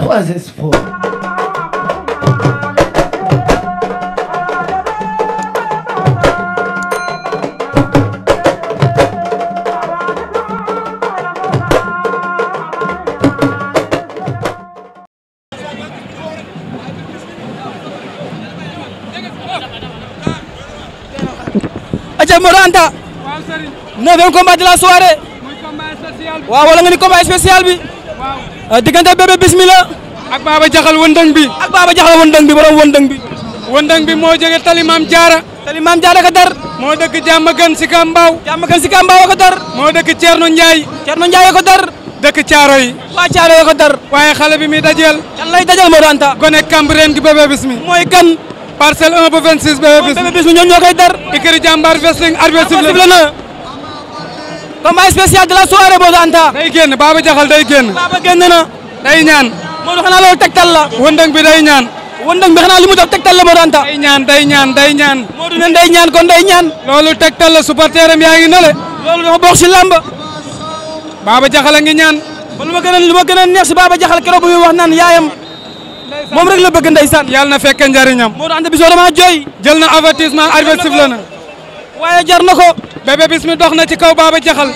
3S Pro. Aja Modou Anta neuvième combat de la soirée waaw wala nga ni combat spécial bi Euh, diggante bébé bismillah ak baaba jaxal wëndëng bi ak baaba jaxal wëndëng bi borom wëndëng bi wëndëng bi moo jóge tali maam jaara tali maam jaara ka dar moo dëkk jàmm gën si kambaaw jàmm gën si kambaaw ko dar moo dëkk ceerno njaay ceerno njaay ko dar dëkk caaro yi waa caaro yi ko dar waaye xale bi mi dajeel kan lay dajeel moo danta gone kambreen gi bébé bismi mooy kan parcelle 1 ba 26 bébé bismi bébé bismi ñoom ñoo koy dar ikëri jàmbaar combat spécial de la soirée Boy Anta. day génn Baba Jaxal day génn. Baba génn na. day ñaan. Modou xanaa loolu tegtal la. wëndëng bi day ñaan. wëndëng li mu def tegtal la Boy Anta. day ñaan day ñaan day ñaan. Modou ne day ñaan kon day ñaan. loolu tegtal la supporteram yaa ngi ne le. loolu dafa bokk si làmb. Baba Jaxal a ngi ñaan. man lu ma gën ma gën a neex si Baba Jaxal keroog bu wax naan yaayam. moom rek la bëgg ndeysaan. yàlla na fekk njariñam. Modou Anta bi soo dama jooy. jël na avertissement arbitre sifflé na. waaye jar na ko Bébé Bismi dox na ci kaw Baba Jaxal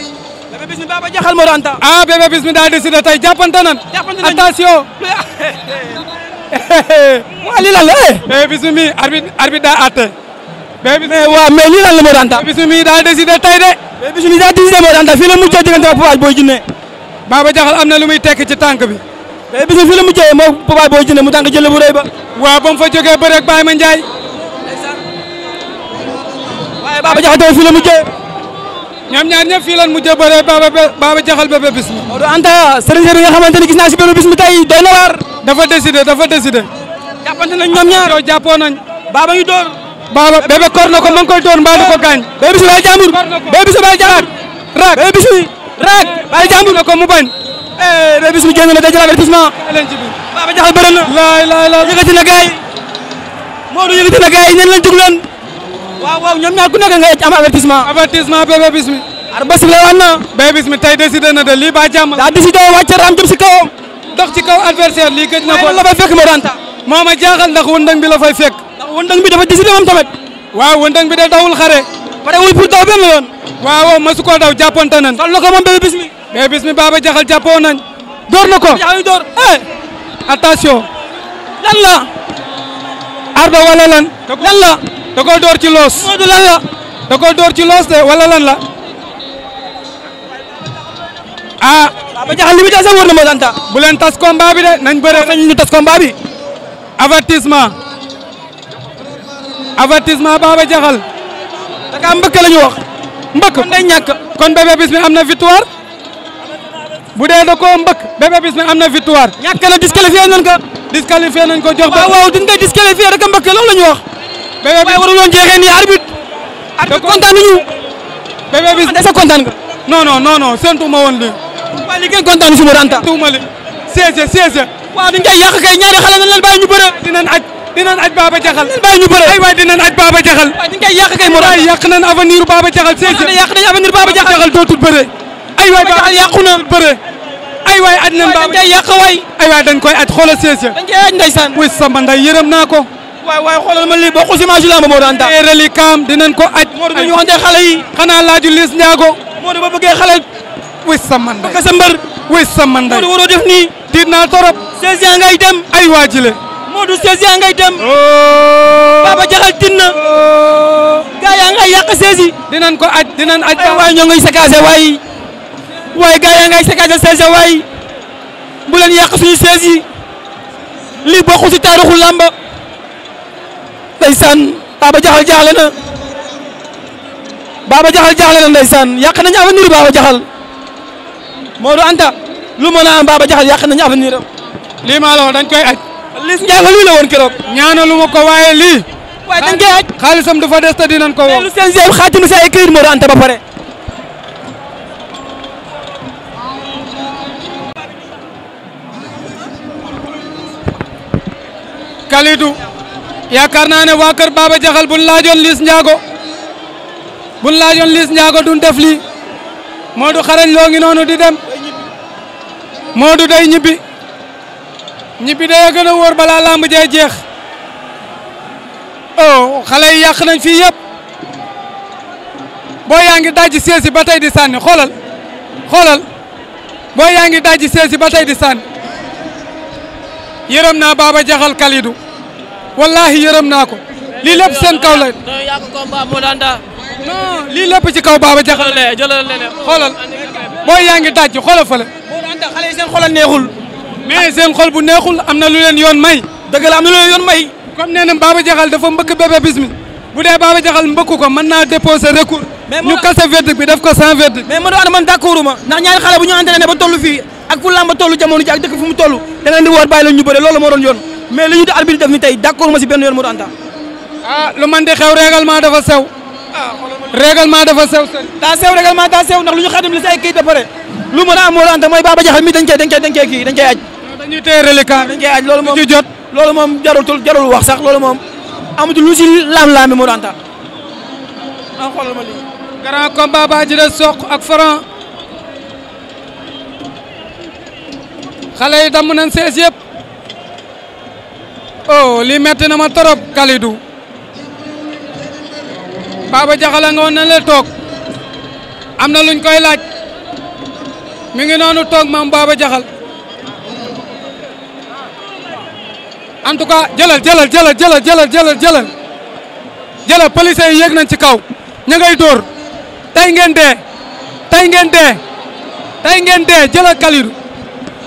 Bébé Bismi Baba Jaxal Modou Anta ah Bébé Bismi daa décidé tey jàppante nan attention waa lii lan la eh? Bébé Bismi mi arbitre arbitre daa àtte Bébé Bismi waaw mais lii lan la Modou Anta Bébé Bismi mi daa décidé tey de Bébé Bismi daa décidé mujjee diggante ak Popaay Boy Djiné Jaxal am na lu muy tekk ci tànk bi Bébé Bismi fii la mujjee moo Popaay Boy mu tànk jël bu rëy ba waaw ba mu fa jógee bëreeg waaye Baba Jaxal fii la mujjee. ñoom ñaar ñëpp fii lan mujjee bëree Baba Baba Jaxal Bébé Bismi. Anta sëriñ sëriñ nga xamante ne gis naa si Bébé Bismi tey doy na waar. dafa décidé dafa décidé. jàppante nañ ñoom ñaar yow jàppoon Baba ngi door. Baba Bébé kor na ko ma koy door mbaa du ko gaañ. Bébé Bismi baal jàmbur Bébé Bismi baal jàmbur. raak Bébé Bismi raak eh, baal jàmbur na ko mu bañ. Eh, Bébé Bismi génn na day jël avertissement. Baba Jaxal bëri na. laay laay waaw waaw ñoom ñaar ku nekk nga am avertissement. avertissement Bébé Bismi. arba si leewan na. Bébé Bismi tey décidé na de lii ba jàmm. daa décidé wàcce raam jëm si kawam. dox ci kaw adversaire lii gëj na ko. waaye la fay fekk ma ranta. moo ma jaaxal ndax wëndëng bi la fay fekk. ndax wëndëng bi dafa décidé moom tamit. waaw wëndëng bi de dawul xare. pare wul pour daw benn yoon. waaw masu koo daw ko moom Bébé Bismi. Bébé Bismi Baba Jaxal jàppoo nañ. door na ko yaa ngi door eh! attention. da door ci loos. Modou lan la. da koo door ci loos de wala la. ah. waaw ba jaaxal li mu jaaxal sax na ma daan bu leen tas combat bi de nañ bëre nañ ñu tas combat bi. avertissement. avertissement Baba Jaxal. da kaa mbëkk la ñu wax. mbëkk kon day ñàkk. kon Bébé Bismi am na victoire. bu dee da koo mbëkk Bébé Bismi am na victoire. ñàkk na disqualifié nañ ko. disqualifié nañ ko jox ba. waaw waaw duñ koy disqualifié rek mbëkk la ñu wax. bébé bi waru doon jeexee nii arbitre. arbitre kontaan nañu. bébé bi est-ce que kontaan nga. non non non non séntu ma woon lii. waaye li ngeen kontaan suma ranta. séntu ma lii séese séese. waaw dañ koy yàq kay ñaari xale nañ leen bàyyi ñu bëre. dinañ aj dinañ aj Baba Jaxal. leen bàyyi ñu bëre ay waay dinañ aj Baba Jaxal. waaw dañ koy yàq kay mu ranta yàq nañ avenir Baba Jaxal. séese yàq nañ avenir Baba dootul bëre. ay waay Baba Jaxal yàqu na bëre. ay waay aj nañ Baba Jaxal dañ koy yàq waay. ay waay dañ koy aj xoolal séese. dañ koy yërëm naa ko waay waay xoolal ma lii bokku si maaju lamb moo daan taa. ay relikam dinañ ko aj. Modou ñu waxante xale yi. xanaa laaju Liss Ndiago. Modou ba bëggee xale. wis sa manday bëgg sa mbër. wis sa manday def nii. diit naa torop. 16 ans ngay dem. ay waajile. Modou 16 ans ngay dem. Oh. Baba Jaxal tin na. Oh. gaa yaa ngay yàq ko aj dinañ aj. ay ñoo ngi sakaase waay. waay gaa yaa ngay sakaase 16 waay. bu leen suñu 16 yi. lii ndeysaan Baba Jaxal jaaxle na Baba Jaxal jaaxle na ndeysaan yàq nañu avenir Baba Jaxal Modou Anta lu mën a am Baba Jaxal yàq nañu lii maa la wax dañ koy aj. Liss Ndiago lii la woon keroog. ñaanalu ko waaye lii. waaye dañ koy aj xaalisam du fa des te ko wax. lu si ay këyit Modou Anta ba pare. yaakaar naa ne waa kër Baba Jaxal buñ laajoon Liss Ndiago buñ laajoon Liss Ndiago duñ def lii Modou xarañ loo ngi noonu di dem Modou day ñibbi ñibbi day gën a wóor balaa làmb jee jeex oh xale yi yàq nañ fii yëpp boo yaa ngi dajji seesi ba tey di sànni xoolal xoolal boo yaa ngi dajji seesi ba tey di sànni yërëm naa Baba Jaxal Kalidou wallahi yërëm naa ko lii lépp seen kaw la. non lii lépp ci kaw Baba Diakhal la xoolal booy yaa ngi daj xoolal fële. xale yi seen xol neexul. mais seen xol bu neexul am na lu leen yoon may. dëgg la am na lu leen yoon may. comme nee na Baba Diakhal dafa mbëkk Bébé Bismi bu dee Baba Diakhal mbëkk ko mën naa déposer recours. ñu kase verdict bi def ko sans verdict. mais mënoo ànd man d'accord ma ndax ñaari xale bu ñu entraîné ba toll fi ak fu làmb tollu jamono ji ak toll da nga indi woor bàyyi la ñu bëre loolu mais li ñu di arbitre def ni tey d' accord ma si benn yoon Modou Anta. Ah, lu man di xew règlement dafa sew. ah règlement dafa sew. daa sew règlement daa sew ndax lu ñu xaatim li si ay kayit ba lu mën a am Anta mooy Baba Diakhal mi dañ cee dañ cee dañ cee kii dañ cee aj. dañuy téye reliquat dañ cee aj moom ci jot. loolu moom jarutul jarul wax sax loolu moom amatul lu si laam-laame Modou Anta ah xoolal ma lii. grand combat ba ji de soq ak Franc xale yi damm nañ sees yëpp. oh lii metti na ma trop Kalidou Baba Jaxala nga woon na la toog am na luñ koy laaj mi ngi noonu toog maam Baba Jaxal en tout cas jëlal jëlal jëlal jëlal jëlal jëlal jëlal jëlal police yi yéeg nañ ci kaw ña ngay tey ngeen tey ngeen tey ngeen dee jëlal Kalidou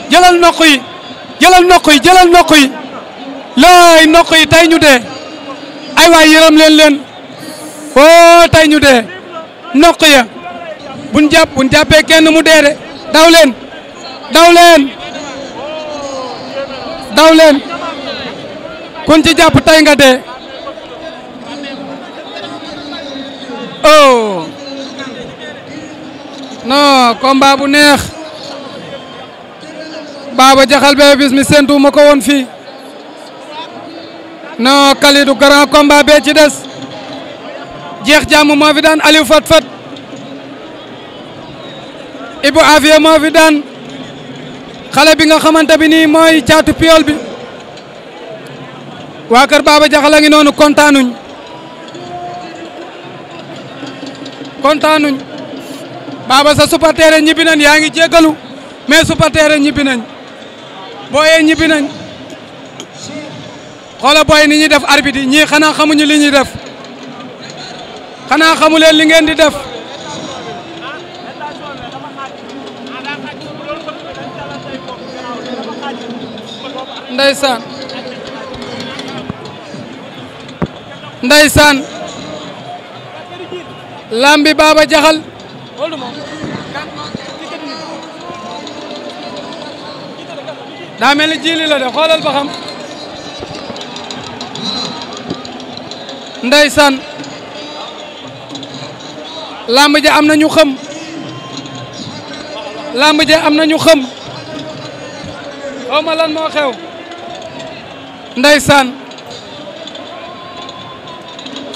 jëlal noq yi jëlal noq yi jëlal noq yi laay nokk yi tey ñu dee ay waay yërëm leen leen oo tey ñu dee nokk ya buñ jàpp buñ jàppee kenn mu dee de daw leen daw leen daw leen ci jàpp tey nga dee oh non combat bu neex Baba Diakhal Bébé Bismi séntu ma ko woon fii non Kalidou grand combat bee ci des jeex jàmm moo fi daan Aliou Fat Fat Ibou Afia moo fi daan xale bi nga xamante bi nii mooy caatu piol bi waa kër Baba Jaxala ngi noonu kontaanuñ kontaanuñ Baba sa supporter ñibbi nañ yaa ngi jéggalu mais supporter ñibbi nañ booyee ñibbi nañ xoola boy ni ñuy def arbitre yi ñii xanaa xamuñu li ñuy def xanaa xamu leen li ngeen di def ndeysaan ndeysaan lambi baaba jaxal daa mel ni la de xoolal ba xam ndeysaan làmb ja am na ñu xam làmb ja am na ñu xam xaw ma lan moo xew ndeysaan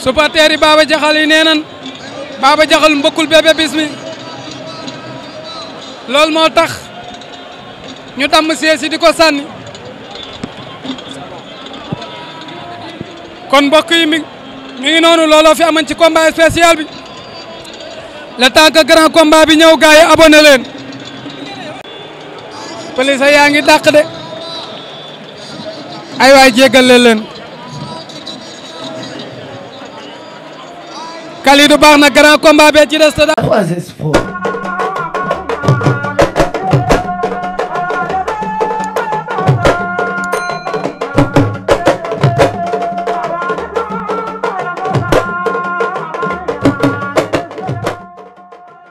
supporters yi Baba Diakhal nee nan Baba Diakhal mbëkkul Bébé Bismi loolu moo tax ñu damm siège yi di ko sànni kon mbokk mi noonu looloo fi amoon ci combat spécial bi la temps que grand bi ñëw gars yi abonné leen police yaa ngi dàq de ay waay jéggal leen Kalidou baax na grand combat be ci des te daal